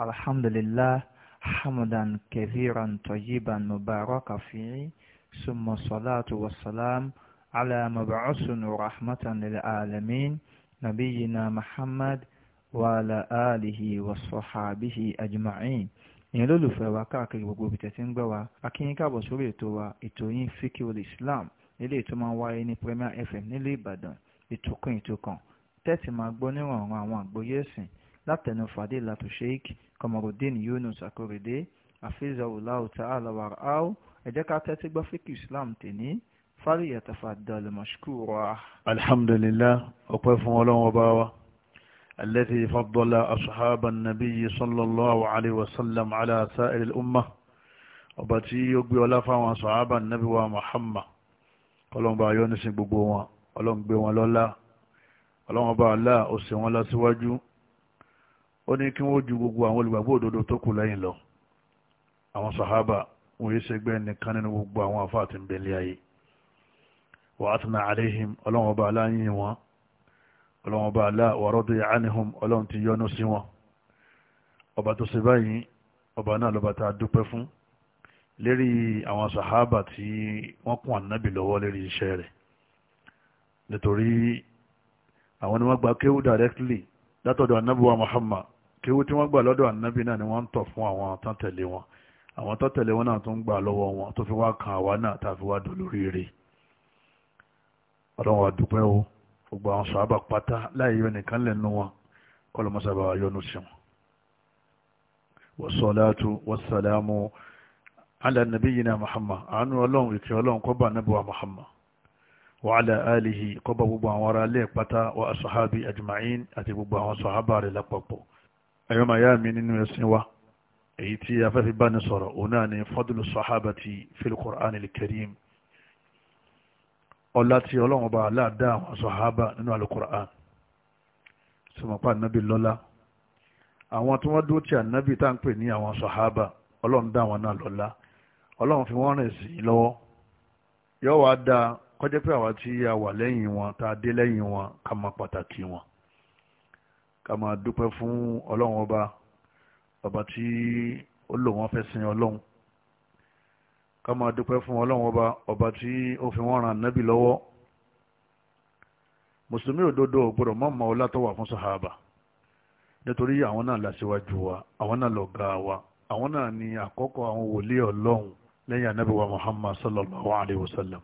الحمد لله حمدا كثيرا طيبا مباركا فيه ثم الصلاة والسلام على مبعوث رحمة للعالمين نبينا محمد وعلى آله وصحابه أجمعين ìyẹn lólùfẹ́ wa káàkiri gbogbo ibi tẹ̀sí ń gbọ́ wa akínyìn káàbọ̀ sórí ètò wa ètò yín islam nílé ètò máa ń wáyé ní Premier FM nílé Ìbàdàn ètò kan ètò kan tẹ́tì máa gbọ́ níwọ̀n àwọn àgbọ́yé ẹ̀sìn látẹnu fadilatu sheik Kamarudin Yunus Akorede afizahullahu ta'ala waraahu ẹ jẹ́ ká tẹ́tí gbọ́ fíkì islam tèní falyatafaddal mashkura. alhamdulillah ọpẹ́ fún ọlọ́run ọba wa alladhi faddala ashaba nabiyyi sallallahu alayhi wa sallam ala sa'iril ummah ọba tí ó gbé ọlá fáwọn sahaba nabi wa muhammad ọlọ́run bá yọ́nú sí gbogbo wọn ọlọ́run gbé wọn lọ́lá ọlọ́run bá ọlá ó wọn lọ síwájú ó ní kí wọ́n ju gbogbo àwọn olùgbàgbọ́ òdodo tó kù lẹ́yìn lọ àwọn sàhábà wọ́n yé sẹ́gbẹ́ nìkan nínú gbogbo àwọn afáà tí ń bẹ̀lẹ̀ ayé wà á tún àléhìm ọlọ́run ọba aláyìn wọn ọlọ́run ọba alá wàrọ́dọ̀ yàánihùn ọlọ́run ti yọ́nú sí wọn ọba tó ṣe báyìí ọba náà lọ́ba tá a dúpẹ́ fún lérí àwọn sàhábà tí wọ́n kún ànábì lọ́wọ́ lérí iṣẹ́ rẹ̀ nítorí àwọn ni wọ́n gba kéwù directly látọ̀dọ̀ ànábì wa Muhammad kéwú tí wọ́n gbà lọ́dọ̀ ànábì náà ni wọ́n ń tọ̀ fún àwọn tán tẹ̀lé wọn àwọn tán tẹ̀lé wọn náà tó gbà lọ́wọ́ wọn tó fi wá kan àwa náà tá a fi wá dùn lórí rẹ̀ ọlọ́run àdúpẹ́ o gbogbo àwọn sàhábà pátá láì yọ nìkan lẹ́nu wọn kọlọmọsàbà yọnu sí wọn. wasalaatu wasalaamu ala nabiyina muhammad àánú ọlọ́run ìkẹ́ ọlọ́run kọ́ba nabuwa muhammad wàhálà alihi kọ́ba gbogbo àwọn ará ilé pátá wa asahabi àti gbogbo àwọn sàhábà rẹ̀ lápapọ̀ ẹ̀yọ́ màá yá mi nínú ẹ̀sìn wa èyí tí afẹ́fẹ́ bá ní sọ̀rọ̀ òun náà ni fadlu sahabati fil Qur'an al-Karim ọlá tí ọlọ́run ọba aláàdá àwọn sọ̀hábà nínú al-Qur'an sọmọpá ànábì lọ́lá àwọn tí wọ́n dúró tí ànábì tá ń pè ní àwọn sọ̀hábà ọlọ́run dá àwọn náà lọ́lá ọlọ́run fi wọ́n rìn sí i lọ́wọ́ yóò wá dáa kọjá pé àwa tí a wà lẹ́yìn wọn tá a dé lẹ́yìn wọn ká mọ pàtàkì wọn ká máa dúpẹ́ fún ọlọ́run ọba ọba tí ó lò wọ́n fẹ́ sin ọlọ́run ká máa dúpẹ́ fún ọlọ́run ọba ọba tí ó fi wọ́n ran nábì lọ́wọ́ mùsùlùmí òdodo gbọ́dọ̀ má ma ọlá fún sàhábà nítorí àwọn náà làṣíwájú wa àwọn náà lọ̀gá wa àwọn náà ni àkọ́kọ́ àwọn wòlíì ọlọ́run lẹ́yìn ànábì wa muhammad sallallahu alayhi wa sallam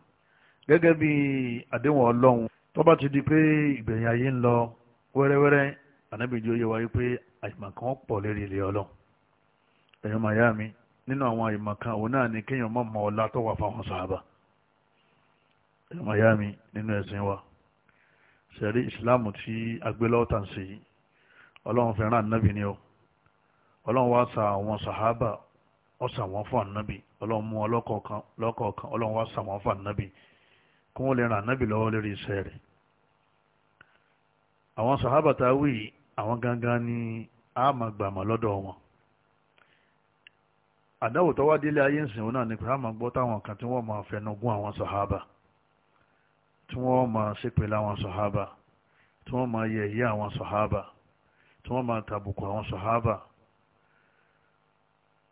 gẹ́gẹ́ bí àdéhùn ọlọ́run tó bá ti di pé ìgbẹ̀yìn ayé ń lọ wẹ́rẹ́wẹ́rẹ́ anábìyí yẹ wáyé pé àìmọ̀kan pọ̀ lérí ilé ọlọ́run ẹ̀yọ́ màyá nínú àwọn àìmọ̀kan òun náà ni kéèyàn má mọ ọlá tó wà fáwọn sàhábà ẹ̀yọ́ màyá nínú ẹ̀sìn wa sẹ̀rí ìsìláàmù tí agbélọ́ọ̀tà ń ṣe ọlọ́run fẹ́ràn ànábì ni ó ọlọ́run wá sa àwọn sàhábà ó sà wọ́n fún ànábì ọlọ́run mú ọlọ́kọ̀ọ̀kan lọ́kọ̀ọ̀kan ọlọ́run wá sà wọ́n fún ànábì kí wọ́n lè ànábì lọ́wọ́ lórí iṣẹ́ rẹ̀ àwọn tá a wí yìí àwọn gangan ni a máa gbàmọ̀ lọ́dọ̀ wọn àdáwò tó wá délé ayé ìsìn a máa gbọ́ táwọn kan tí wọ́n máa fẹnu àwọn sàhábà tí wọ́n máa ṣépè tí wọ́n máa yẹ ìyá àwọn sàhábà tí wọ́n máa tàbùkù àwọn sàhábà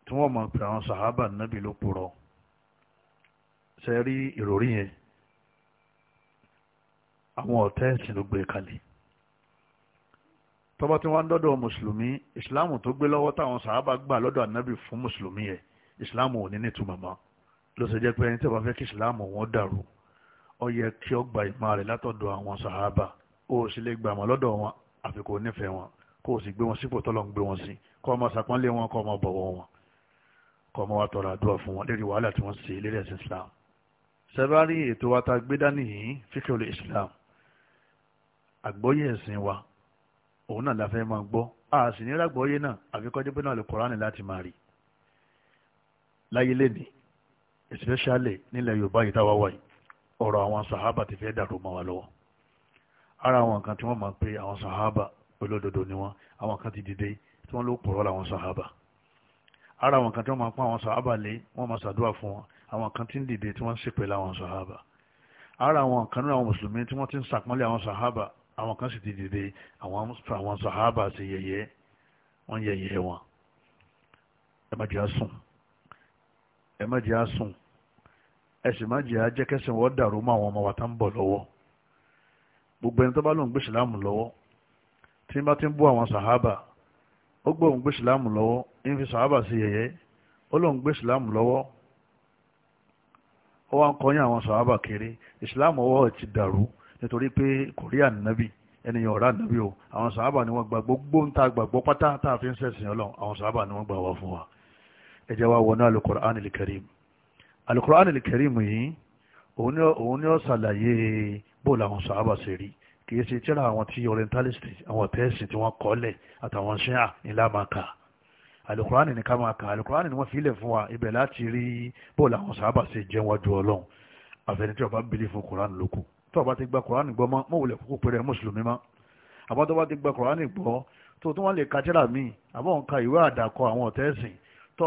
tí wọ́n máa pè àwọn sàhábà nábì ló purọ́ ṣe rí tọ́ba tí wọ́n ń dọ́dọ̀ mùsùlùmí ìsìláàmù tó gbé lọ́wọ́ táwọn sàábà gbà lọ́dọ̀ ànábì fún mùsùlùmí yẹ ìsìláàmù ò ní ní ìtumọ̀ mọ́ ló ṣe jẹ́ pé ẹni tí wọ́n fẹ́ kí ìsìláàmù wọn dàrú ó yẹ kí ó gba ìmọ̀ rẹ̀ látọ̀dọ̀ àwọn sàábà ó sì lè gbà mọ́ lọ́dọ̀ wọn àfi kò wọn kó o sì gbé wọn sípò tọ́lọ́ ń gbé wọn sí kọ́ ọmọ sàpọ́nlé wọn kọ́ ọmọ bọ̀wọ̀ wọn kọ́ ọmọ wa Islam sẹ́bárì ètò wa ta gbé Islam àgbọ́yé òun náà la máa gbọ́ a sì ní rágbọ́yé náà àfikọ́jọ́ pé náà lè kọ́ránì láti máa rí láyé lẹ́nìí especially nílẹ̀ yorùbá yìí táwa wáyé ọ̀rọ̀ àwọn sàhábà ti fẹ́ dàrú mọ́ wa lọ́wọ́ ara àwọn nǹkan tí wọ́n máa ń pe àwọn sàhábà olódodo ni wọ́n àwọn kan ti dìde tí wọ́n ló pọ̀rọ̀ làwọn sàhábà ara àwọn kan tí wọ́n máa ń pa àwọn sàhábà lé wọ́n máa ṣàdúrà fún wọn àwọn kan ti ń dìde tí wọ́n ń ṣèpè láwọn sàhábà ara àwọn kan nínú àwọn mùsùlùmí tí wọ́n ti ń ṣàpọ́nlé àwọn sàhábà àwọn kan sì ti dìde àwọn àwọn sàhábà ṣe yẹ̀yẹ́ wọ́n yẹ̀yẹ́ wọn ẹ má jẹ́ àsùn ẹ má jẹ́ àsùn ẹ sì má jẹ́ àjẹkẹ́sìn wọ́n dàrú mọ́ àwọn ọmọ wa tá ń bọ̀ lọ́wọ́ gbogbo ẹni tó bá lóun gbé ìsìláàmù lọ́wọ́ tí n bá ti ń bú àwọn sàhábà ó gbọ́ òun gbé ìsìláàmù lọ́wọ́ ń fi sàhábà ṣe yẹ̀yẹ́ ó lóun gbé ìsìláàmù lọ́wọ́ ó wá ń kọyìn àwọn sàhábà kiri ìsìláàmù ọwọ́ ti dàrú nítorí pé kò rí ànábì ẹnìyàn ọ̀rá ànábì o àwọn sàábà ni wọ́n gba gbogbo ń ta gbàgbọ́ pátá tá a fi ń sẹ̀sìn ọlọ́run àwọn sàábà ni wọ́n gbà wá fún wa ẹ jẹ́ wá wọnú alukur'an ilkarim alukur'an ilkarim yìí òun ni ó ṣàlàyé bó làwọn sàábà ṣe rí kì í ṣe tíra àwọn tí orientalist àwọn tẹ́sì tí wọ́n kọ́lẹ̀ àtàwọn ṣẹ́à ńlá máa kà alukurani ni ká máa kà alukurani ni wọ́n fi ilẹ̀ fún wa ibẹ̀ láti rí bóòlù àwọn sábà ṣe jẹun wájú ọlọ́run àfẹni tó bá ti gba kùránì gbọ́ mọ́ mọ́ wulẹ̀ kókó péré mùsùlùmí mọ́ àbọ̀ tó bá ti gba kùránì gbọ́ tó tó wọ́n lè ka tíra míì àbọ̀ nǹka ìwé àdàkọ àwọn ọ̀tẹ́sìn tó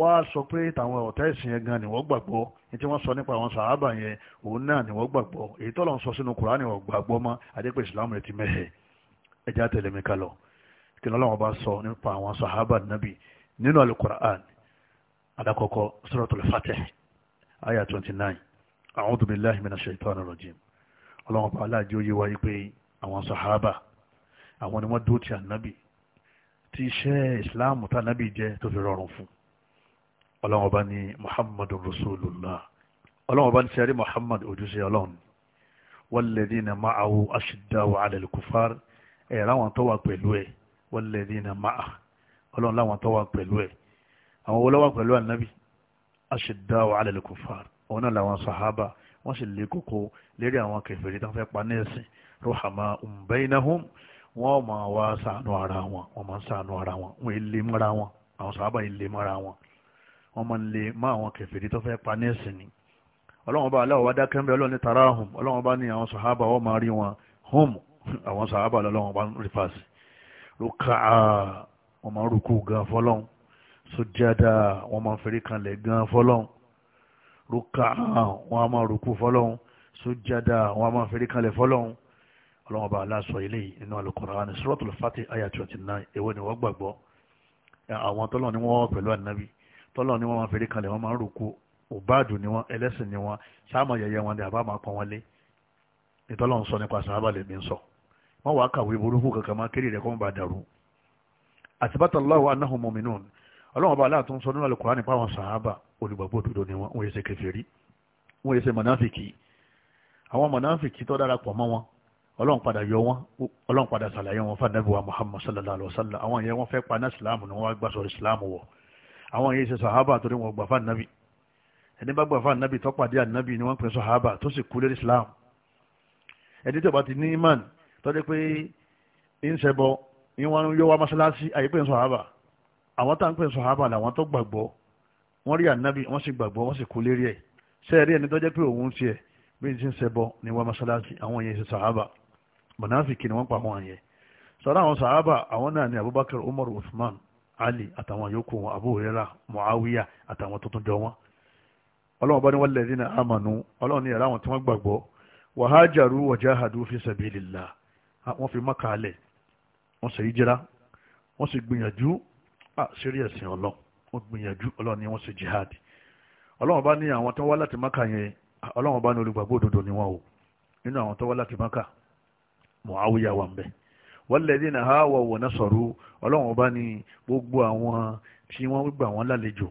wá sọ pé tàwọn ọ̀tẹ́sìn yẹn gan ni wọ́n gbàgbọ́ ní tí wọ́n sọ nípa àwọn sàhábà yẹn òun náà ni wọ́n gbàgbọ́ èyí tó lọ́n sọ sínú kùránì wọ́n gbàgbọ́ mọ́ adépè ìsìlámù rẹ̀ ti mẹ́hẹ̀ ẹja tẹ̀lémi ká lọ kí lọ́lọ́wọ́n bá sọ nípa àwọn sàhábà nàbì nínú alukur'an adakọkọ suratul fatih ayah twenty nine a'udhu billahi minash shaitani rajim ọlọ́run bá aláàjì ó yé wa yí pé àwọn sàhábà àwọn ni wọ́n dúró ti ànábì tí iṣẹ́ ìsìláàmù tá ànábì jẹ́ tó fi rọrùn fún ọlọ́run bá ní muhammadu rasulullah ọlọ́run bá ní sẹ́rí muhammad ojúṣe ọlọ́run walladhina ma'ahu ashiddawu 'ala al-kuffar ẹ̀ láwọn tó wà pẹ̀lú ẹ̀ walladhina ma'ahu ọlọ́run láwọn tó wà pẹ̀lú ẹ̀ àwọn olówà pẹ̀lú ànábì ashiddawu 'ala al-kuffar òun làwọn sàhábà wọ́n sì lé kókó lérí àwọn kèfèrí tó fẹ́ pa ní ẹ̀sìn rọ́hàmà um bainahum wọ́n máa wá ṣàánú ara wọn wọ́n máa ń ṣàánú ara wọn wọ́n èlé mọ́ra wọn àwọn sàábà èlé mọ́ra wọn wọ́n máa ń lé mọ́ àwọn kèfèrí tó fẹ́ pa ní ẹ̀sìn ni ọlọ́wọ́n bá aláwọ̀ wádá kẹ́mbẹ́ ọlọ́run ní tarahum ọlọ́wọ́n bá ní àwọn sàábà wọ́n máa rí wọn hum àwọn sàábà lọ́wọ́n bá ń rí fàṣì wọ́n máa ń rúkú gan fọlọ́n sójádà wọ́n máa ń fẹ́rí kanlẹ̀ gan fọlọ́n rúkà wọn a máa rúkú fọlọ́hún sójádà wọn a máa fẹ́rí kalẹ̀ fọlọ́hún ọlọ́wọ́n bá aláṣọ ilé yìí nínú Al-Qur'an Suratul Fatih ayat twenty nine èwo ni wọ́n gbàgbọ́ àwọn tọ́lọ̀ ni wọ́n wà pẹ̀lú ànábì tọ́lọ̀ ni wọ́n máa fẹ́rí kalẹ̀ wọ́n máa rúkú òbáàdù ni wọ́n ẹlẹ́sìn ni wọ́n sáàmà yẹyẹ wọn ni àbá máa pọ́n wọn ìtọ́lọ̀ ń sọ nípa ọlọ́wọ́n bá aláàtún sọ nínú Al-Qur'ani nípa àwọn sàábà olùgbàgbọ́ òdodo ni wọ́n wọ́n yẹ ṣe kèfèrí wọ́n yẹ ṣe mọ̀náfìkì àwọn mọ̀náfìkì tó dára pọ̀ mọ́ wọn ọlọ́run padà yọ wọn ọlọ́run padà sàlàyé wọn fún anábìwá Muhammad sallallahu alaihi wa sallam àwọn yẹn wọ́n fẹ́ pa náà sílámù ni wọ́n gbà sọ̀rọ̀ sílámù wọ̀ àwọn yẹn ṣe sàhábà torí wọn gbà fún anábì ẹni bá gbà fún anábì tó pàdé anábì ni wọ́n pè sàhábà tó sì kú lérí sílámù ẹni tó bá ti ní imán tó dé pé ń ṣẹbọ ń wọn yọ wá mọ́ṣáláṣí àyípẹ́ sàhábà àwọn tá à ń pè sọ̀hábà làwọn tó gbàgbọ́ wọ́n rí ànábì wọ́n sì gbàgbọ́ wọ́n sì kú lérí ẹ̀ ṣe rí ẹni tó jẹ́ pé òun tiẹ̀ bí n ti ń ṣẹbọ ní wọn mọ́ṣáláṣí àwọn yẹn ṣe sọ̀hábà mọ̀nàfíkì ni wọ́n pa àwọn yẹn sọ̀rọ̀ àwọn sọ̀hábà àwọn náà ni Abubakar Umar Usman Ali àtàwọn yòókù wọn Abu Muawiya àtàwọn tuntun jọ wọn ọlọ́run bá ní wọ́n lẹ́ẹ̀dín náà amànú ọlọ́run ní yàrá àwọn tí wọ́n gbàgbọ́ wàhájàrú ah sírí ẹ̀sìn ọlọ́ wọ́n gbìyànjú ọlọ́run ni wọ́n ṣe jihad ọlọ́run bá ní àwọn tó wá láti maka yẹn ọlọ́run bá ní olùgbàgbọ́ òdodo ni wọ́n o nínú àwọn tó wá láti maka Muawiya wà ń bẹ walladhina hawaw wa nasaru ọlọ́run bá ní gbogbo àwọn tí wọ́n gbà wọ́n lálejò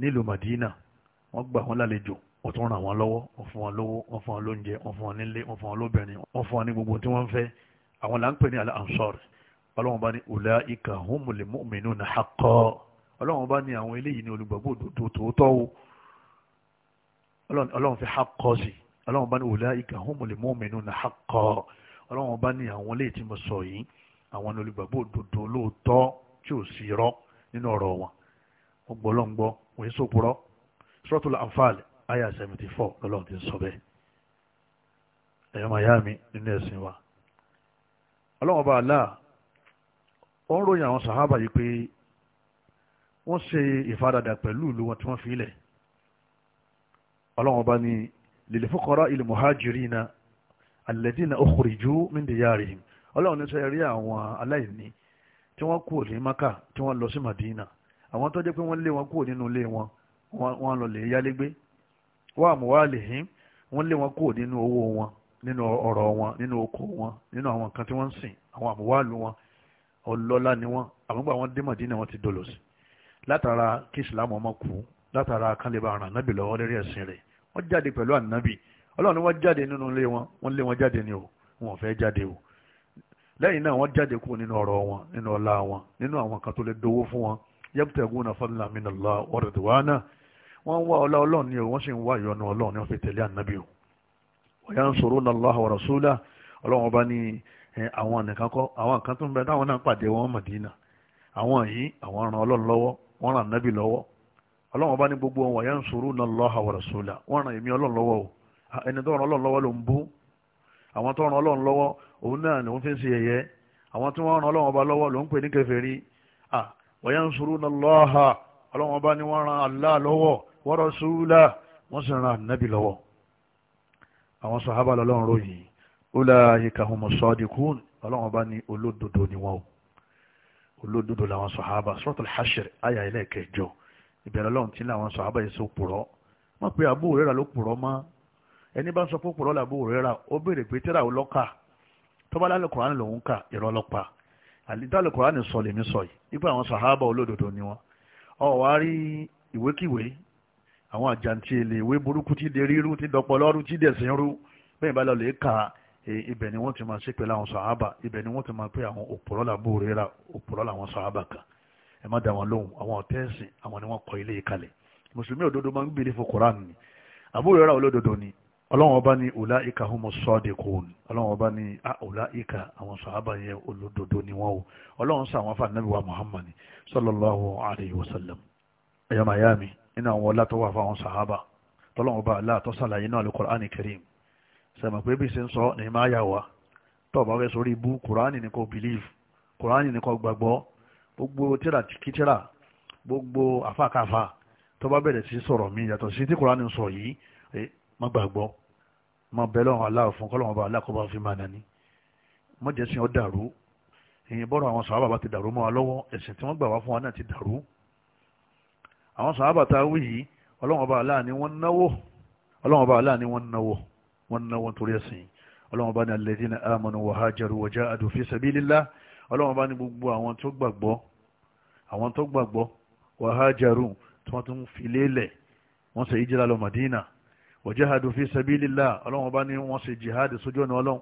nílùú Madina wọ́n gbà wọ́n lálejò wọ́n tún ràn wọ́n lọ́wọ́ wọ́n fún wọn lówó wọ́n fún wọn lóúnjẹ wọ́n fún wọn nílé wọ́n fún wọn lóbìnrin wọ́n fún wọn ní gbogbo tí wọ́n fẹ́ àwọn là ń pè ní al-Ansar ọlọ́run bá ní ulaika humul mu'minuna haqqan ọlọ́run bá ní àwọn eléyìí ní olùgbàgbọ́ òdodo tòótọ́ o ọlọ́run fi haqqan sí ọlọ́run bá ní ulaika humul mu'minuna haqqan ọlọ́run bá ní àwọn eléyìí tí mo sọ yìí àwọn olùgbàgbọ́ òdodo lóòótọ́ tí ò sí irọ́ nínú ọ̀rọ̀ wọn wọ́n gbọ́ lọ́n bá aláà ó ń ròyìn àwọn sàhábà yìí pé wọ́n ṣe ìfaradà pẹ̀lú ìlú wọn tí wọ́n fi lẹ̀ ọlọ́run ọba ní lil na il muhajirina alladhina ukhriju min diyarihim ọlọ́run ní sẹ́yìn rí àwọn aláìní tí wọ́n kúrò maka tí wọ́n lọ sí madina àwọn tó jẹ́ pé wọ́n lé wọn kúrò nínú ilé wọn wọ́n lọ lè yálégbé wa wọ́n lé wọn kúrò nínú owó wọn nínú ọ̀rọ̀ wọn nínú oko wọn nínú àwọn nǹkan ọlọ́lá ni wọ́n àmúgbà wọn dé Mádínà wọn ti dolo sí látara kí ìsìlámù ọmọ kú látara kánlẹ̀ bá ràn nábì lọ́wọ́ lórí ẹ̀sìn rẹ̀ wọ́n jáde pẹ̀lú ànábì ọlọ́run ni wọ́n jáde nínú ilé wọn wọ́n lé wọn jáde ni o wọn ò fẹ́ jáde o lẹ́yìn náà wọ́n jáde kúrò nínú ọ̀rọ̀ wọn nínú ọlá wọn nínú àwọn kan tó lè dowó fún wọn yabtaguna fadlan minallah wa ridwana wọ́n ń wá ọlá ọlọ́run ni o wọ́n sì ń wá ìyọ́nú ọlọ́run ni wọ́n fi tẹ̀lé ànábì o wa yansuruna Allah wa rasulahu ọlọ́run ọba ní àwọn nìkan kọ́ àwọn kan tó ń bẹ táwọn náà pàdé wọn Mọ̀dínà àwọn yìí àwọn ran ọlọ́run lọ́wọ́ wọ́n ran nábì lọ́wọ́ ọlọ́run bá ní gbogbo wọn wàyà ń sòrò náà Allaha wa rasula wọ́n ran èmi ọlọ́run ọrụ o ẹni tó ran ọlọ́run lọ́wọ́ ló ń bú àwọn tó òun náà ni wọ́n fi ṣe yẹ̀yẹ́ àwọn tí wọ́n ran ọba ulaika humus sadiqun ọlọ́run bá ní olódodo ni wọ́n o olódodo làwọn sọ̀hábà suratul hashr àyà ẹlẹ́ẹ̀kẹjọ ìbẹ̀rẹ̀ ọlọ́run tí làwọn sọ̀hábà yìí sọ pùrọ́ wọ́n pe Abu Hurairah ló pùrọ́ mọ́ ẹni bá ń sọ pé pùrọ́ làbó Hurairah ó béèrè pé tẹ́ra ò lọ́kà tọ́ba lálẹ́ kùránì lòún kà ìrọ́ lọ́pa àlítàlẹ́ kùránì sọ lèmi sọ yìí wípé àwọn sọ̀hábà olódodo ni wọ́n ọ ibẹ̀ ni wọ́n ti máa ṣépè láwọn sàábà ibẹ̀ ni wọ́n ti máa pé àwọn òpòrọ́ làbó rẹ́ra òpòrọ́ làwọn sàábà kan ẹ má dá wọn lóhùn àwọn ọ̀tẹ́ẹ̀sì àwọn ni wọ́n kọ́ ilé ìkalẹ̀ mùsùlùmí òdodo máa ń gbélé fún koran ni àbó rẹ́ra olódodo ni ọlọ́wọ́n ọba ni ọ̀là ìka homo sọ́ọ̀dì kùn ọlọ́wọ́n ọba ni ọ̀là ìka àwọn sàábà yẹn olódodo ni wọ́n o ọlọ́wọ́n sọ àwọn sẹ̀mọ̀ pé bí ṣe ń sọ ní máa yà wá tó bá fẹ́ sórí ibú kùránì ní kò bìlíf kùránì ní kò gbàgbọ́ gbogbo tíra kítíra gbogbo àfàkàfà tó bá bẹ̀rẹ̀ sí sọ̀rọ̀ mi yàtọ̀ sí tí kùránì sọ yìí má gbàgbọ́ má bẹ lọ́wọ́ aláwọ̀ fún kọ́lọ́wọ́ bá aláàkọ́ bá fi máa nání má jẹ́ sin ọ́ dàrú èyí bọ́rọ̀ àwọn sàhábà bá ti dàrú mọ́ wa lọ́wọ́ ẹ̀sìn tí wọ́n gbà wá fún wa náà ti dàrú àwọn sàhábà tá a wí yìí ọlọ́wọ́n bá aláà ni wọ́n náwó ọlọ́wọ́n bá aláà ni wọ́n náwó wọ́n náwó torí ẹ̀sìn ọlọ́wọ́n bá ní alladhina amanu wa hajaru wa jahadu fi sabilillah ọlọ́wọ́n bá ní gbogbo àwọn tó gbàgbọ́ àwọn tó gbàgbọ́ wa hajaru tí wọ́n tún fi lélẹ̀ wọ́n ṣe ìjìlá lọ Madina wa jahadu fi sabilillah ọlọ́wọ́n bá ní wọ́n ṣe jihad sójú ọ̀nà ọlọ́run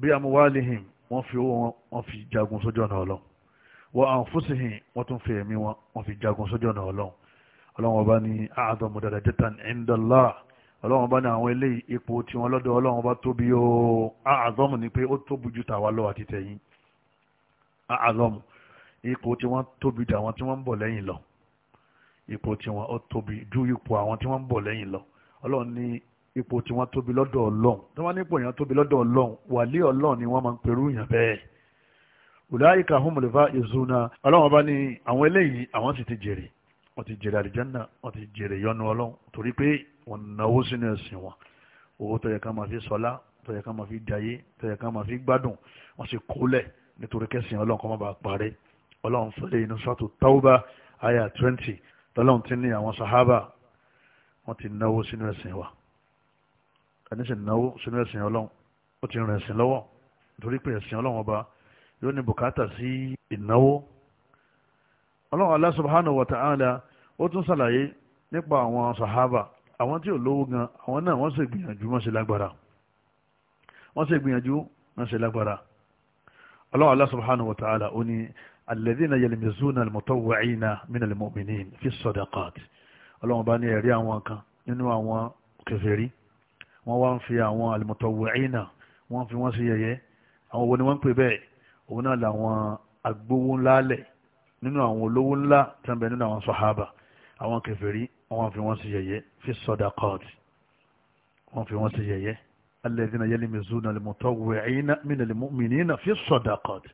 bí amwalihim wọ́n fi owó wọn fi jagun sójú ọ̀nà ọlọ́run wa anfusihim wọ́n tún fi ẹ̀mí wọn fi jagun sójú ọ̀nà ọlọ́run ọlọ́run ọba ní a'zamu darajatan inda Allah ọlọ́run bá ní àwọn eléyìí ipò tí wọ́n lọ́dọ̀ ọlọ́run bá tóbi o àzọ́mù ni pé ó tóbi ju tàwa lọ àti tẹ̀yìn àzọ́mù ipò tí wọ́n tóbi ju àwọn tí wọ́n ń bọ̀ lẹ́yìn lọ ipò tí wọ́n ó tóbi ju ipò àwọn tí wọ́n ń bọ̀ lẹ́yìn lọ ọlọ́run ní ipò tí tóbi lọ́dọ̀ ọlọ́run tí wọ́n ní ipò yẹn tóbi lọ́dọ̀ ọlọ́run wàlí ọlọ́run ni wọ́n máa ń perú yàn bẹ́ẹ̀ ulaika humul faizuna ọlọ́run bá ní àwọn eléyìí àwọn sì ti jèrè wọ́n ti jèrè àlìjánà wọ́n ti jèrè yọnu ọlọ́run torí pé wọ́n náwó sínú ẹ̀sìn wọn owó tó yẹ ká máa fi sọlá tó yẹ ká máa fi jayé tó yẹ ká máa fi gbádùn wọ́n sì kólẹ̀ nítorí kẹsìn ọlọ́run kó má bàa parẹ́ ọlọ́run fẹ́lẹ́ inú sọ́tò tauba aya twenty tọ́lọ́run ti ní àwọn sahaba wọ́n ti náwó sínú ẹ̀sìn wa ẹni sì náwó sínú ẹ̀sìn ọlọ́run ó ti rìn ẹ̀sìn lọ́wọ́ nítorí pé ẹ̀sìn ọlọ́run ọba yóò ní bùkátà sí ìnáwó ọlọ́run Allah subhanahu wa ta'ala ó tún ṣàlàyé nípa àwọn sàhábà àwọn tí ò lówó gan àwọn náà wọ́n ṣe gbìyànjú wọ́n ṣe lágbára wọ́n ṣe gbìyànjú wọ́n ṣe lágbára ọlọ́run Allah subhanahu wa ta'ala ó ní alladhina yalmizuna almutawwi'ina min almu'minin fi sadaqat ọlọ́run bá ní ẹ̀rí àwọn kan nínú àwọn kèfèrí wọ́n wá ń fi àwọn almutawwi'ina wọ́n fi wọ́n sí yẹ̀yẹ́ àwọn owó ni wọ́n ń pè bẹ́ẹ̀ òun náà làwọn agbówó ńlá lẹ̀ nínú àwọn olówó ńlá tẹ́ǹbẹ̀ àwọn kèfèrí wọ́n fi wọ́n sí yẹ̀yẹ́ fi sadaqat wọ́n fi wọ́n sí yẹ̀yẹ́ alladhina yalmizuna almutawwi'ina mina almu'minina fi sadaqat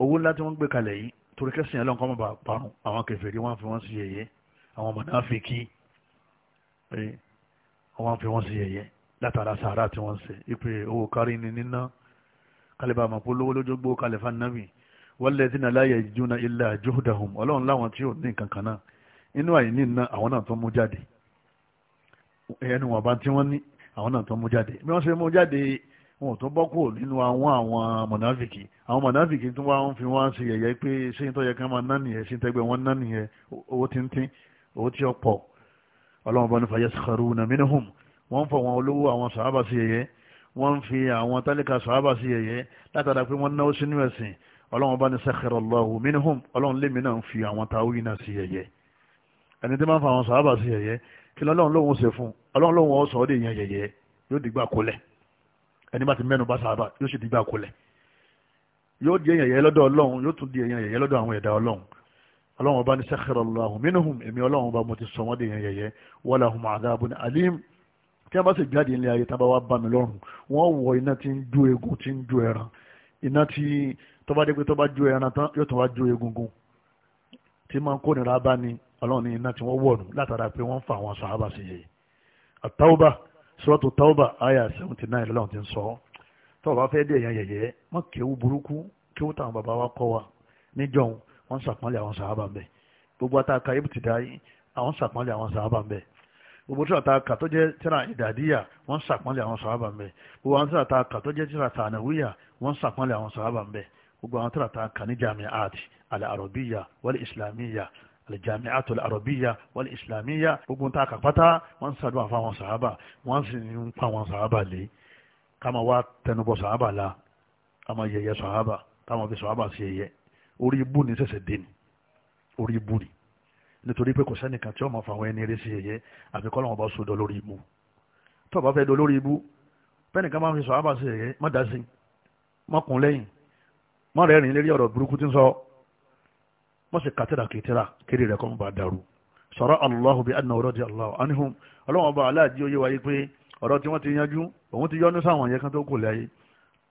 owó ńlá tí wọ́n gbé kalẹ̀ yìí torí kẹsìn ẹlọ́nkọ́ mọ̀ bá parun àwọn kèfèrí wọ́n fi wọ́n sí yẹ̀yẹ́ àwọn mọ̀nàfíkì wọ́n fi wọ́n sí yẹ̀yẹ́ látara sàárà tí wọ́n ṣe ipe owó kárí ni níná kálíbà àmọ̀pọ̀ lówó lójógbó kálífà inú àìní iná àwọn náà tó mú jáde ẹnu wọn bá tí wọ́n ní àwọn náà tó mú jáde bí wọ́n ṣe mú jáde wọn ò tó bọ́ kúrò nínú àwọn àwọn mọ̀nàfìkì àwọn mọ̀nàfìkì tó wọ́n fi wọ́n ṣe yẹ̀yẹ́ pé ṣé ń tọ́jà kan máa ná nìyẹn ṣé ń tẹ́gbẹ́ wọn ná nìyẹn owó tíntín owó tí ó pọ̀ ọlọ́run bá ní fàyẹ́ sakharuna minhum wọ́n fọ wọn olówó àwọn sàábà sí yẹ̀yẹ́ wọ́n fi àwọn tálíkà sàábà sí yẹ̀yẹ́ látara pé wọ́n náwó sínú ẹ̀sìn ọlọ́run bá ní sakhirallahu minhum ọlọ́run lèmi náà fi àwọn táwí náà sí yẹ̀yẹ́ ẹni tí máa ń fa àwọn sàábà sí yẹ̀yẹ́ kí lọ́lọ́run lóun ṣe fún ọlọ́run lóun ó sọ ọ́ dé yan yẹ̀yẹ́ yóò dìgbà kólẹ̀ ẹni bá ti mẹ́nu bá sàábà yóò sì dìgbà kólẹ̀ yóò di èèyàn yẹ̀yẹ́ lọ́dọ̀ ọlọ́run yóò tún di èèyàn yẹ̀yẹ́ lọ́dọ̀ àwọn ẹ̀dá ọlọ́run ọlọ́run ọba ní sakhara Allahu minhum èmi ọlọ́run ọba mo ti sọ wọ́n di èèyàn yẹ̀yẹ́ walahum adhabun alim tí a bá sì jáde ilé ayé tábà wá bá mi lọ́rùn wọ́n wọ iná tí ń ju egun tí ń ju ẹran iná tí tọ́ba dé pé tọ́ba ju ẹran tán yóò tún wá ju egungun tí máa ń kó nira bá ní ọlọ́run ní iná tí wọ́n wọ̀nù látara pé wọ́n fa àwọn sàhábà sí yẹ àtàwùbà sọ́ọ̀tù tàwùbà àyà seventy nine lọ́lọ́run ti ń sọ tó bá fẹ́ dé èèyàn yẹ̀yẹ́ má kéwú burúkú kéwú táwọn bàbá wa kọ́ wa níjọ́un wọ́n sàpọ́nlé àwọn sàhábà ń bẹ̀ gbogbo àtàkà ibùtìdáyì àwọn sàpọ́nlé àwọn sàhábà ń bẹ̀ gbogbo tí ata tó jẹ́ tíra ìdàdíyà wọ́n sàpọ́nlé àwọn sàhábà ń bẹ̀ gbogbo àwọn tíra ta tó jẹ́ tíra tànàwíyà wọ́n sàpọ́nlé àwọn sàhábà ń bẹ̀ gbogbo àwọn tíra ta aljamiatu al-arabiyya wal-islamiyya gbogbo ta kàpátá wọ́n ṣàdúrà fáwọn sàábà wọ́n sì ń pa àwọn sàábà lé kama wá tẹnubọ sàábà la kama yẹyẹ sàábà kama fi sàábà sí yẹyẹ orí ibú ni sẹ̀sẹ̀ dé ni orí ibú ni nítorí pé kò sẹ́nìkan tí ó máa fàwọn ẹni eré sí yẹyẹ àfi kọ́ lọ́wọ́ bá sódò lórí ibú tó o bá fẹ́ do lórí ibú pẹ́nìkan máa fi sàábà sí yẹyẹ má dá sí má kún lẹ́yìn má rẹ́rìn lérí ọ̀rọ̀ burúkú tí ń sọ wọ́n sì kàtẹ́rà kìtẹ́rà kiri rẹ̀ kọ́ ń bá dàrú sọ̀rọ̀ allahu bi anna ọ̀rọ̀ di allahu anihum ọlọ́wọ́n bá aláàjí oyé wáyé pé ọ̀rọ̀ tí wọ́n ti yanjú òun ti yọ́nú sáwọn yẹn kan tó kò láyé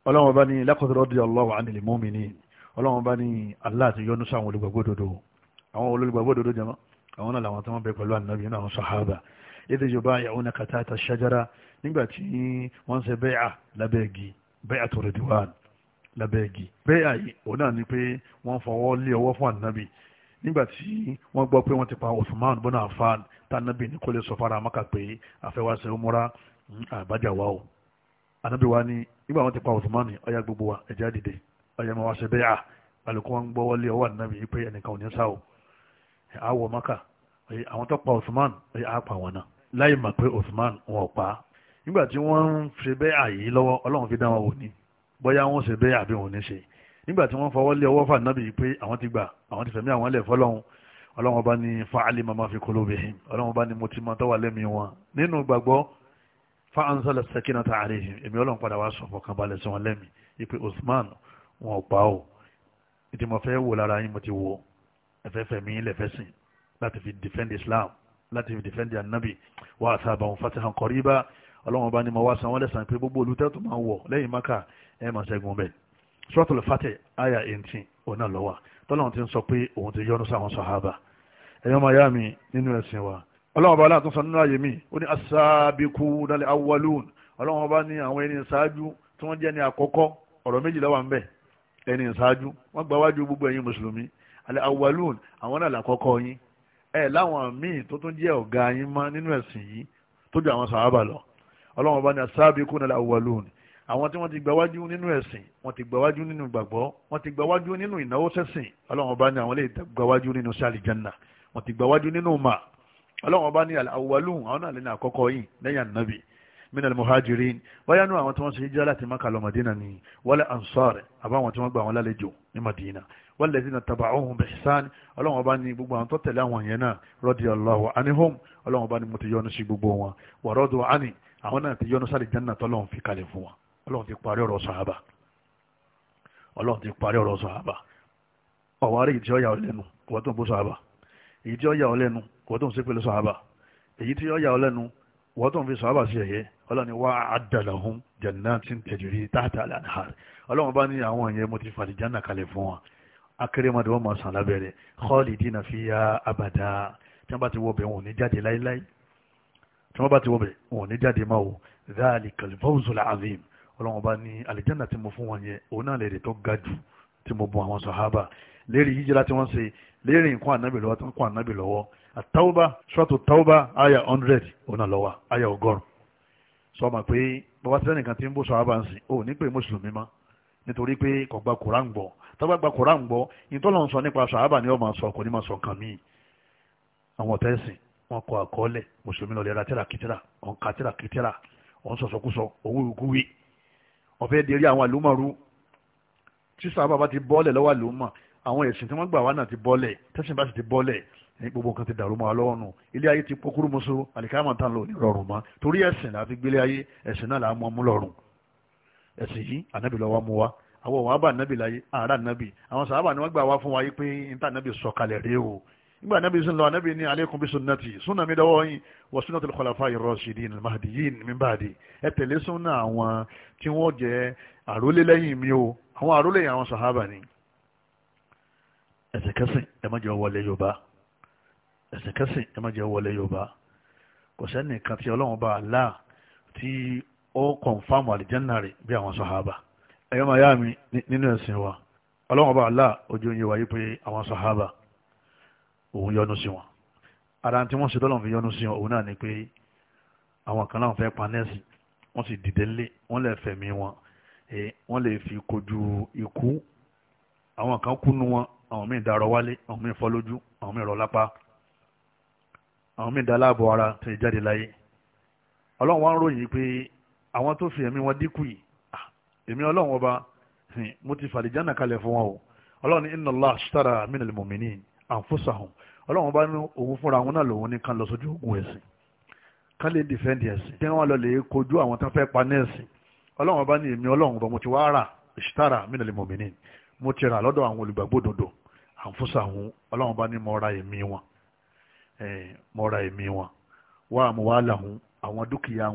ọlọ́wọ́n bá ní lákọ̀tọ̀rọ̀ di allahu anil mu'minin ọlọ́wọ́n bá ní aláà ti yọ́nú sáwọn olùgbàgbọ́dodo àwọn olùgbàgbọ́dodo jama àwọn náà làwọn tó wọ́n bẹ pẹ̀lú ànábì náà àwọn sahaba yorùbá yàwó na kàtà ta nígbà tí wọ́n ṣe bẹ́ẹ̀ lábẹ́ igi bẹ́ẹ̀ àyè òun náà ni pé wọ́n fọwọ́ lé ọwọ́ fún ànábì nígbà tí wọ́n gbọ́ pé wọ́n ti pa Usman bọ́nà afan tánábì ní kò lè sọ fara amaka pé àfẹwàṣẹ múra àbájá hmm, wa o ànábì wa ni nígbà wọ́n ti pa Osman, ọyá gbogbo wa ẹ̀jẹ̀ àdìde ọyá máa wá ṣe bẹ́ẹ̀ à àlùkò wọn gbọ́ wọlé ọwọ́ ànábì pé ẹnìkan ò ní sá o àwọ̀ maka àwọn tó pa Usman á pa wọn náà láì mà pé Usman wọn ò pa nígbà tí wọ́n ń ṣe bẹ́ẹ̀ àyè lọ́wọ́ ọlọ́run fi dá wọn wò ní bóyá wọ́n ṣe bẹ́ẹ̀ àbí wọn ò ní ṣe nígbà tí wọ́n fọwọ́ lé ọwọ́ fà nábì pé àwọn ti gbà àwọn ti fẹ̀mí àwọn lẹ̀ fọlọ́hún ọlọ́wọ́n bá ní fa'ali mama fi qulubihim ọlọ́wọ́n bá ní mo ti mọ tó wà lẹ́mí wọn nínú gbàgbọ́ fa anzala sakinata alayhim èmi ọlọ́run padà wá sọ̀fọ̀ kan balẹ̀ sí wọn lẹ́mí ipe Usman wọn ò pa o ìdí mo fẹ́ wò lára yín mo ti wò ẹ̀fẹ́ fẹ̀mí lẹ́fẹ́ láti fi defend Islam láti fi defend anabi wa asabahum fatahan qariba ọlọ́wọ́n bá ní mo wá san wọ́n lẹ́sàn pé gbogbo olùtẹ́tù máa wọ̀ lẹ́yìn maka ẹ máa ṣẹ́gun bẹ́ẹ̀ suratul fatih aya eighteen òun náà lọ́wọ́ tọ́lọ́run ti ń sọ pé òun ti yọ́nú sáwọn sàhábà ẹ̀yọ́ máa yá mi nínú ẹ̀sìn wa ọlọ́run bá aláàtún sọ nínú ààyè mi ó ní as-sabiquna al-awwalun ọlọ́run bá ní àwọn ẹni ìṣáájú tí wọ́n jẹ́ ní àkọ́kọ́ ọ̀rọ̀ méjì ló wà ń bẹ̀ ẹni ìṣáájú wọ́n gba wájú gbogbo ẹ̀yin mùsùlùmí al-awwalun àwọn náà làkọ́kọ́ yín ẹ̀ láwọn míì tó tún jẹ́ ọ̀gá yín mọ́ nínú ẹ̀sìn yìí tó ju àwọn sàhábà lọ ọlọ́run bá ní as-sabiquna al àwọn tí wọ́n ti gbàwájú nínú ẹ̀sìn wọ́n ti gbàwájú nínú ìgbàgbọ́ wọ́n ti gbàwájú nínú ìnáwó sẹ́sìn ọlọ́run ọba ní àwọn lè gbàwájú nínú sàlìjánà wọ́n ti gbàwájú nínú mà ọlọ́run ọba ní àwòwálùn àwọn náà lè àkọ́kọ́ yìí lẹ́yìn ànábì minal muhajirin wáyà nù àwọn tí wọ́n ṣe hijira láti maka lọ madina ni wala ansar àbáwọn tí wọ́n gbà wọn lálejò ní madina walladhina taba'uhum bi ihsan ọlọ́run ọba ní gbogbo àwọn tó tẹ̀lé àwọn yẹn náà radiyallahu anhum ọlọ́run ọba ní mo ti yọ́nú sí gbogbo wọn wa radu ani àwọn náà ti yọ́nú sáré jẹ́nà tọ́lọ́run fi kalẹ̀ fún wọn ọlọ́run ti parí ọ̀rọ̀ sàhábà ọlọ́run ti parí ọ̀rọ̀ sàhábà ọ̀wọ́ àrí ìtí ọ̀yà ọlẹ́nu kò tó ń bó sàhábà èyí tí ọ̀yà ọlẹ́nu kò tó ń sí pẹ̀lú sàhábà èyí tí ọ̀yà ọlẹ́nu kò tó ń fi sàhábà sí ẹ̀yẹ ọlọ́run wá àdàlàhún jannatin tajri tahta al-anhar ọlọ́run bá ní àwọn ẹ̀yẹ mo ti fàdí jánà kalẹ̀ fún wọn akérèmọdé wọn máa sàn lábẹ́rẹ́ khalidina fiya abada tí wọ́n bá ti wọbẹ̀ wọn ò ní jáde láíláí tí wọ́n bá ti wọbẹ̀ wọn ò ní jáde máa wò dhalikal fawzul azim ọlọ́run ọba ní àlìjánà tí mo fún wọn yẹn òun náà lè rè tó ga jù tí mo bọ àwọn sàhábà lérí hijira tí wọ́n ṣe lérí nǹkan ànábì lọ́wọ́ tí wọ́n kọ́ ànábì lọ́wọ́ àtàwọ́bà ṣọ́ọ̀tù tàwọ́bà àyà hundred òun náà lọ́wọ́ àyà ọgọ́rùn sọ ma pé bàbá sẹ́ni kan tí ń bó sàhábà ń sìn ó ní pé mùsùlùmí mọ́ nítorí pé kò gba koran gbọ́ tó gba koran gbọ́ ìtọ́lọ́ ń sọ nípa sọ kò ní ọ̀fẹ́ dèrí àwọn àlùmọ̀rú tí sábà bá ti bọ́ọ̀lẹ̀ lọ́wọ́ àlùmọ̀ àwọn ẹ̀sìn tí wọ́n gbà wá náà ti bọ́ọ̀lẹ̀ tẹ́sìn bá sì ti bọ́ọ̀lẹ̀ ní gbogbo nǹkan ti dàrú mọ́ ọlọ́run ilé ayé ti pokuru musu àlìkámà tán lò ní rọrùn mọ́ torí ẹ̀sìn láti gbélé ayé ẹ̀sìn náà là á ẹ̀sìn yìí ànábì lọ́wọ́ mú wa àwọn òun àbá ànábì láyé àárá ànábì àwọn sàábà ni wọ́n gbà wá fún wa yí pé nígbà anábì sùn lọ anábì ní alaykum bi sunnati súnà mi dọ́wọ́ yín wa sunnatul khulafa'i rashidin al-mahdiyyin min ba'di ẹ tẹ̀lé súnà àwọn tí wọ́n jẹ́ àrólé lẹ́yìn mi o àwọn àrólé yẹn àwọn sàhábà ni ẹ̀sẹ̀kẹsìn ẹ má jẹ́ wọlé yorùbá ẹ̀sẹ̀kẹsìn ẹ má jẹ́ wọlé yorùbá kò sẹ́nìkan tí ọlọ́run bá là tí ó kọ̀nfàmù àlìjẹ́nà rẹ̀ bí àwọn sàhábà ẹ̀yọ́ màyá mi nínú ẹ̀sìn wa ọlọ́run bá là ojú yẹn wáyé pé àwọn sàhábà òun yọ́nú sí wọn ara tí wọ́n ṣe tọ́lọ̀ fi yọ́nú sí wọn òun náà ni pé àwọn kan láwọn fẹ́ pa nẹ́ẹ̀sì wọ́n sì dìde lé wọ́n lè fẹ̀mí wọn wọ́n lè fi kojú ikú àwọn kan kú nu wọn àwọn míì darọ wálé àwọn míì fọ́ lójú àwọn míì rọ lápá àwọn míì daláàbọ̀ ara tó yẹ jáde láyé ọlọ́run wá ń ròyìn pé àwọn tó fi ẹ̀mí wọn dínkù yìí ah, èmi ọlọ́run ọba mo ti fàlìjánà kalẹ̀ fún wọn o ọlọ́run ní inna Allah ashtara minal mu'minin àǹfóṣàhùn ọlọ́run bá ní òun fúnra wọn náà lòun ní kan lọ sójú ogun ẹ̀sìn kan lè dìfẹ́ǹdì ẹ̀sìn kí wọ́n lọ lè kojú àwọn tó fẹ́ pa ní ẹ̀sìn ọlọ́run bá ní èmi ọlọ́run bá mo ti wá rà ìṣítàrà mí mo ti rà lọ́dọ̀ àwọn olùgbàgbọ́ òdodo àǹfóṣàhùn ọlọ́run bá ní mo ra wọn mo ra wọn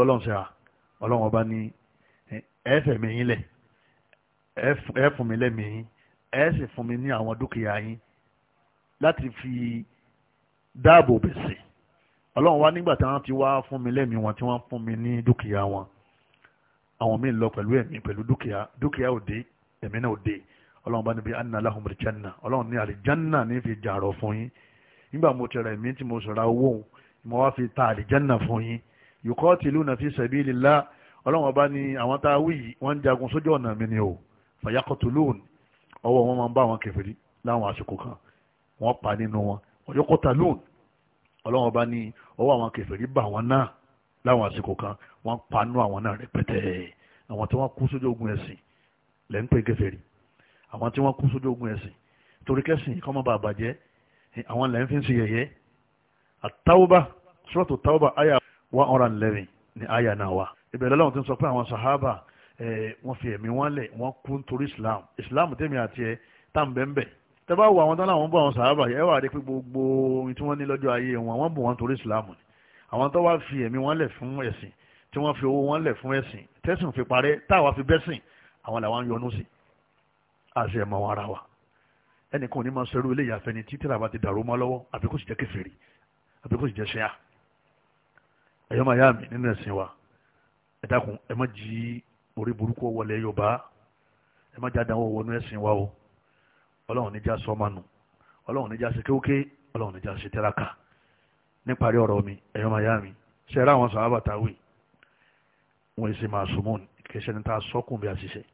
wá àmú ẹ fún mi lẹ́mìí ẹ sì fún mi ní àwọn dúkìá yín láti fi dáàbò bẹ̀sẹ̀ ọlọ́run wá nígbà tí wọ́n ti wá fún mi lẹ́mìí wọn tí wọ́n fún mi ní dúkìá wọn àwọn míì lọ pẹ̀lú ẹ̀mí pẹ̀lú dúkìá dúkìá òde ẹ̀mí náà òde ọlọ́run bá níbi anna lahum aljanna ọlọ́run ní aljanna ní fi jàrọ̀ fún yín nígbà mo ti ra tí mo sọ̀rọ̀ owó mo wá fi ta aljanna fún yín yuqatiluna fi sabilillah ọlọ́run bá ní àwọn tá a wí yìí wọ́n ń jagun sójú ọ̀nà mi ni o fàyàkọ̀tòlóòn ọwọ́ wọn máa ń bá wọn kèfèrí láwọn àsìkò kan wọ́n pa nínú wọn ọ̀yọ́kọ̀tàlóòn ọlọ́wọ́n bá ní ọwọ́ àwọn kèfèrí bá wọn náà láwọn àsìkò kan wọ́n pa nú àwọn náà rẹpẹtẹ àwọn tí wọ́n kú sójú ogun ẹ̀sìn lẹ́ ń pè kèfèrí àwọn tí wọ́n kú sójú ogun ẹ̀sìn torí kẹ́sìn kọ́ mọ́ bá bàjẹ́ àwọn lẹ́ ń fi àtàwọ́bà sọ́ọ̀tù táwọ́bà àyà one hundred and eleven ni náà wà ìbẹ̀rẹ̀ lọ́wọ́n ti sọ pé àwọn sàhábà wọ́n fi ẹ̀mí wọn lẹ̀ wọ́n kú nítorí islam islam tẹ̀mí àti ẹ̀ tá n bẹ́ẹ̀ bẹ́ẹ̀ tẹ́ bá wo àwọn tán láwọn bọ àwọn sàhábà ẹ wà rí pé gbogbo ohun tí wọ́n ní lọ́jọ́ ayé wọn wọ́n bù wọn torí islam ni àwọn tó wá fi ẹ̀mí wọn lẹ̀ fún ẹ̀sìn tí wọ́n fi owó wọn lẹ̀ fún ẹ̀sìn tẹ́sìn fi parẹ́ táwa fi bẹ́sìn àwọn làwọn yọnu sí àti ẹ̀mọ ara wa ẹnìkan ní máa sọrú ilé ìyàfẹ́ ni títí làbá ti dàrú mọ́ lọ́wọ́ àbí kò sì jẹ́ kèfèrí àbí kò sì jẹ́ ṣẹ́yà ẹ̀yọ́ máa mi nínú ẹ̀sìn wa ẹ dákun jí orí burúkú wọlé yorùbá ẹ má jáde àwọn òwò ní wa o ọlọ́run níjà sọ́mánù ọlọ́run níjà ṣe kéwké níjà níparí mi ẹ̀yọ́ mi ṣe àwọn sàábà táwì wọn èsì máa a ṣiṣẹ́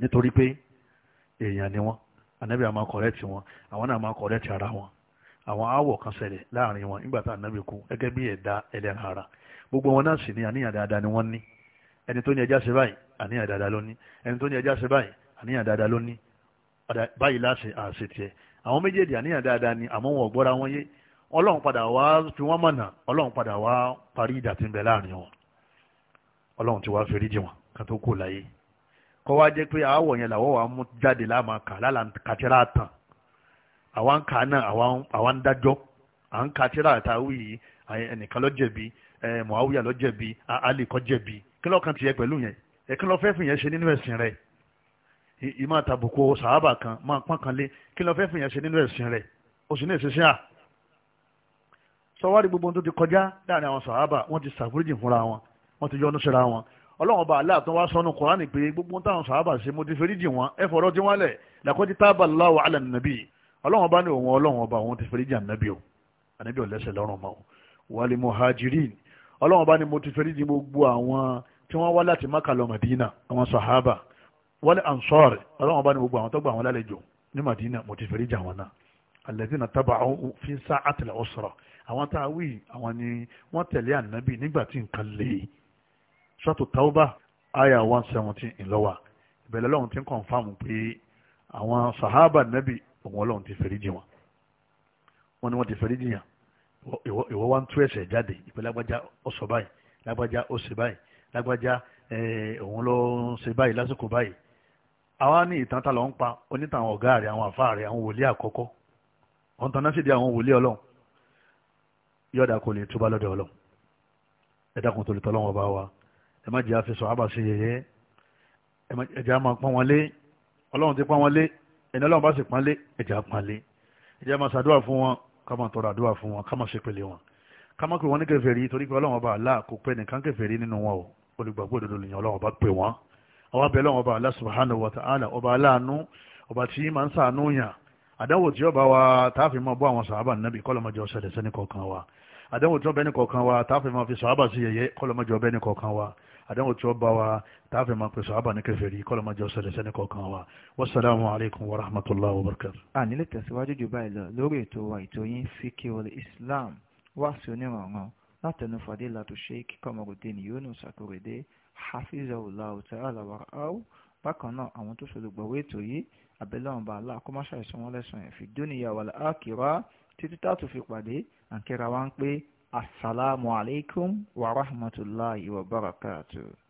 nítorí pé èèyàn ni àmà wọn àwọn náà ara wọn àwọn aáwọ̀ kan ṣẹlẹ̀ láàrin wọn nígbà tá ànábì kú gbogbo wọn náà sì ní àníyàn dáadáa ẹni tó ní ẹja ṣe báyìí àníyàn dáadáa ló ní ẹni tó ní ẹja ṣe báyìí àníyàn dáadáa ló ní báyìí láṣẹ àṣẹ tiẹ̀ àwọn méjèèjì àníyàn dáadáa ni àmọ́ wọn ò gbọ́ra wọn yé ọlọ́run padà wá fi wọ́n mọ̀nà ọlọ́run padà wá parí ìdà bẹ láàrin wọn ọlọ́run ti wá fèrè jì wọn kan tó kù láyé kọ́ wá jẹ́ pé àáwọ̀ yẹn làwọ̀ wa mú jáde láàmà kà lálà kàtírà tàn àwa ń kà náà àwa ń dájọ́ à ń ali kò kí lọ́kàn tiẹ̀ pẹ̀lú yẹn ẹ̀kí lọ́ fẹ́ fìyẹn ṣe nínú ẹ̀sìn rẹ̀ ìmọ̀ àtàbùkù sàhábà kan máa pọ́n kan lé kí lọ́ fẹ́ fìyẹn ṣe nínú ẹ̀sìn rẹ̀ o sì ní ìṣiṣẹ́ à sọwádìí gbogbo tó ti kọjá láàrin àwọn sàhábà wọ́n ti ṣàforíjì fúnra wọn wọ́n ti yọ́nú síra wọn ọlọ́run bá aláàtọ́ wá sọnù kọ́ránì pé gbogbo táwọn sàhábà ṣe mo ti foríjì wọn ẹ fọ̀rọ̀ tí wọ́n lẹ̀ làkọ́ ti tábà láwọ̀ alẹ́ nàbí ọlọ́run bá ní òun ọlọ́run ọba òun mo ti foríjì gbogbo àwọn tí wọ́n wá láti Mákà lọ Madina àwọn sahaba wal ansar ọlọ́wọ́n bá ní gbogbo àwọn tó gbà wọn lálejò ní Madina mo ti fẹ́rí jà wọn náà alladhina taba'u fi sa'atil usra àwọn tá a wí àwọn ni wọ́n tẹ̀lé ànábì nígbà tí nǹkan lè suratu Tauba aya one seventeen ìlọ́wà ìbẹ̀lẹ̀ lọ́hùn ti ń kọ̀nfàmù pé àwọn sahaba ànábì òun ọlọ́hun ti fẹ́rí jì wọn wọn ni wọ́n ti fẹ́rí jìyàn ìwọ wa ń tú ẹ̀sẹ̀ jáde ìpè lágbájá ó báyìí lágbájá ó báyìí lágbájá òun ló ń ṣe báyìí lásìkò báyìí àwa ní ìtàn tá lọ ń pa onítàn àwọn ọ̀gá rẹ̀ àwọn àfáà rẹ̀ àwọn wòlíì àkọ́kọ́ ọ̀n tán náà sì di àwọn wòlíì ọlọ́run yọ̀dà kò lè túbá lọ́dọ̀ ọlọ́run ẹ̀dá kan tó lè tọ́lọ́wọ́n ọba wa ẹ má jẹ́ àfẹsọ̀ àbàṣe yẹyẹ ẹ̀jẹ̀ á máa pọ́n wọn lé ọlọ́run ti pọ́n wọn lé ẹni ọlọ́run bá sì pọ́n lé ẹ̀jẹ̀ á pọ́n lé ẹ̀jẹ̀ á máa ṣàdúrà fún wọn ká máa tọrọ àdúrà fún wọn ká máa ṣépele wọn ká máa pè wọn ní kèfèrí torí pé ọlọ́run ọba àlá kò pẹ́ nìkan kèfèrí nínú wọn o olùgbàgbọ́ òdodo lèyàn ọlọ́run ọba pè wọ́n àwọn abẹ́lẹ́ wọn ọba Allah subhanahu wa ta'ala ọba aláàánú ọba tí máa ń sàánú yàn àdánwò tí ọba wa táàfin máa bọ́ àwọn sàábà nàbì kọ́lọ́mọjọ ṣẹlẹ̀ sẹ́ni kọ̀ọ̀kan wa àdánwò tí ọbẹ̀ ní kọ̀ọ̀kan wa táàfin máa fi sàábà sí yẹ̀yẹ́ kọ́lọ́mọjọ ọbẹ̀ ní kọ̀ọ̀kan wa àdánwò tí ọba wa táàfin máa pè sàábà ní kèfèrí kọ́lọ́mọjọ ṣẹlẹ̀ sẹ́ni kọ̀ọ̀kan wa wasalaamu alaykum wa rahmatulahi wa barakatu. a nílẹ̀ tẹ̀síwájú jù báyìí lọ lórí ètò wa ìtòyìn fíkì wọlé Islam wá sí onírànràn látẹnu fadilatu sheik Kamaruddin Yunus Akorede hafizahullahu ta'ala wara'ahu bákan náà àwọn tó ṣolùgbọ̀wé ètò yìí abẹ́lẹ́wọ̀n bá aláà kó má ṣàìsàn wọn lẹ́sàn-án fi dúnìyà wal akhira títí táàtù fi pàdé àǹkẹ́ra wa ń pé asalaamualeykum wa rahmatulahi wa barakatuh.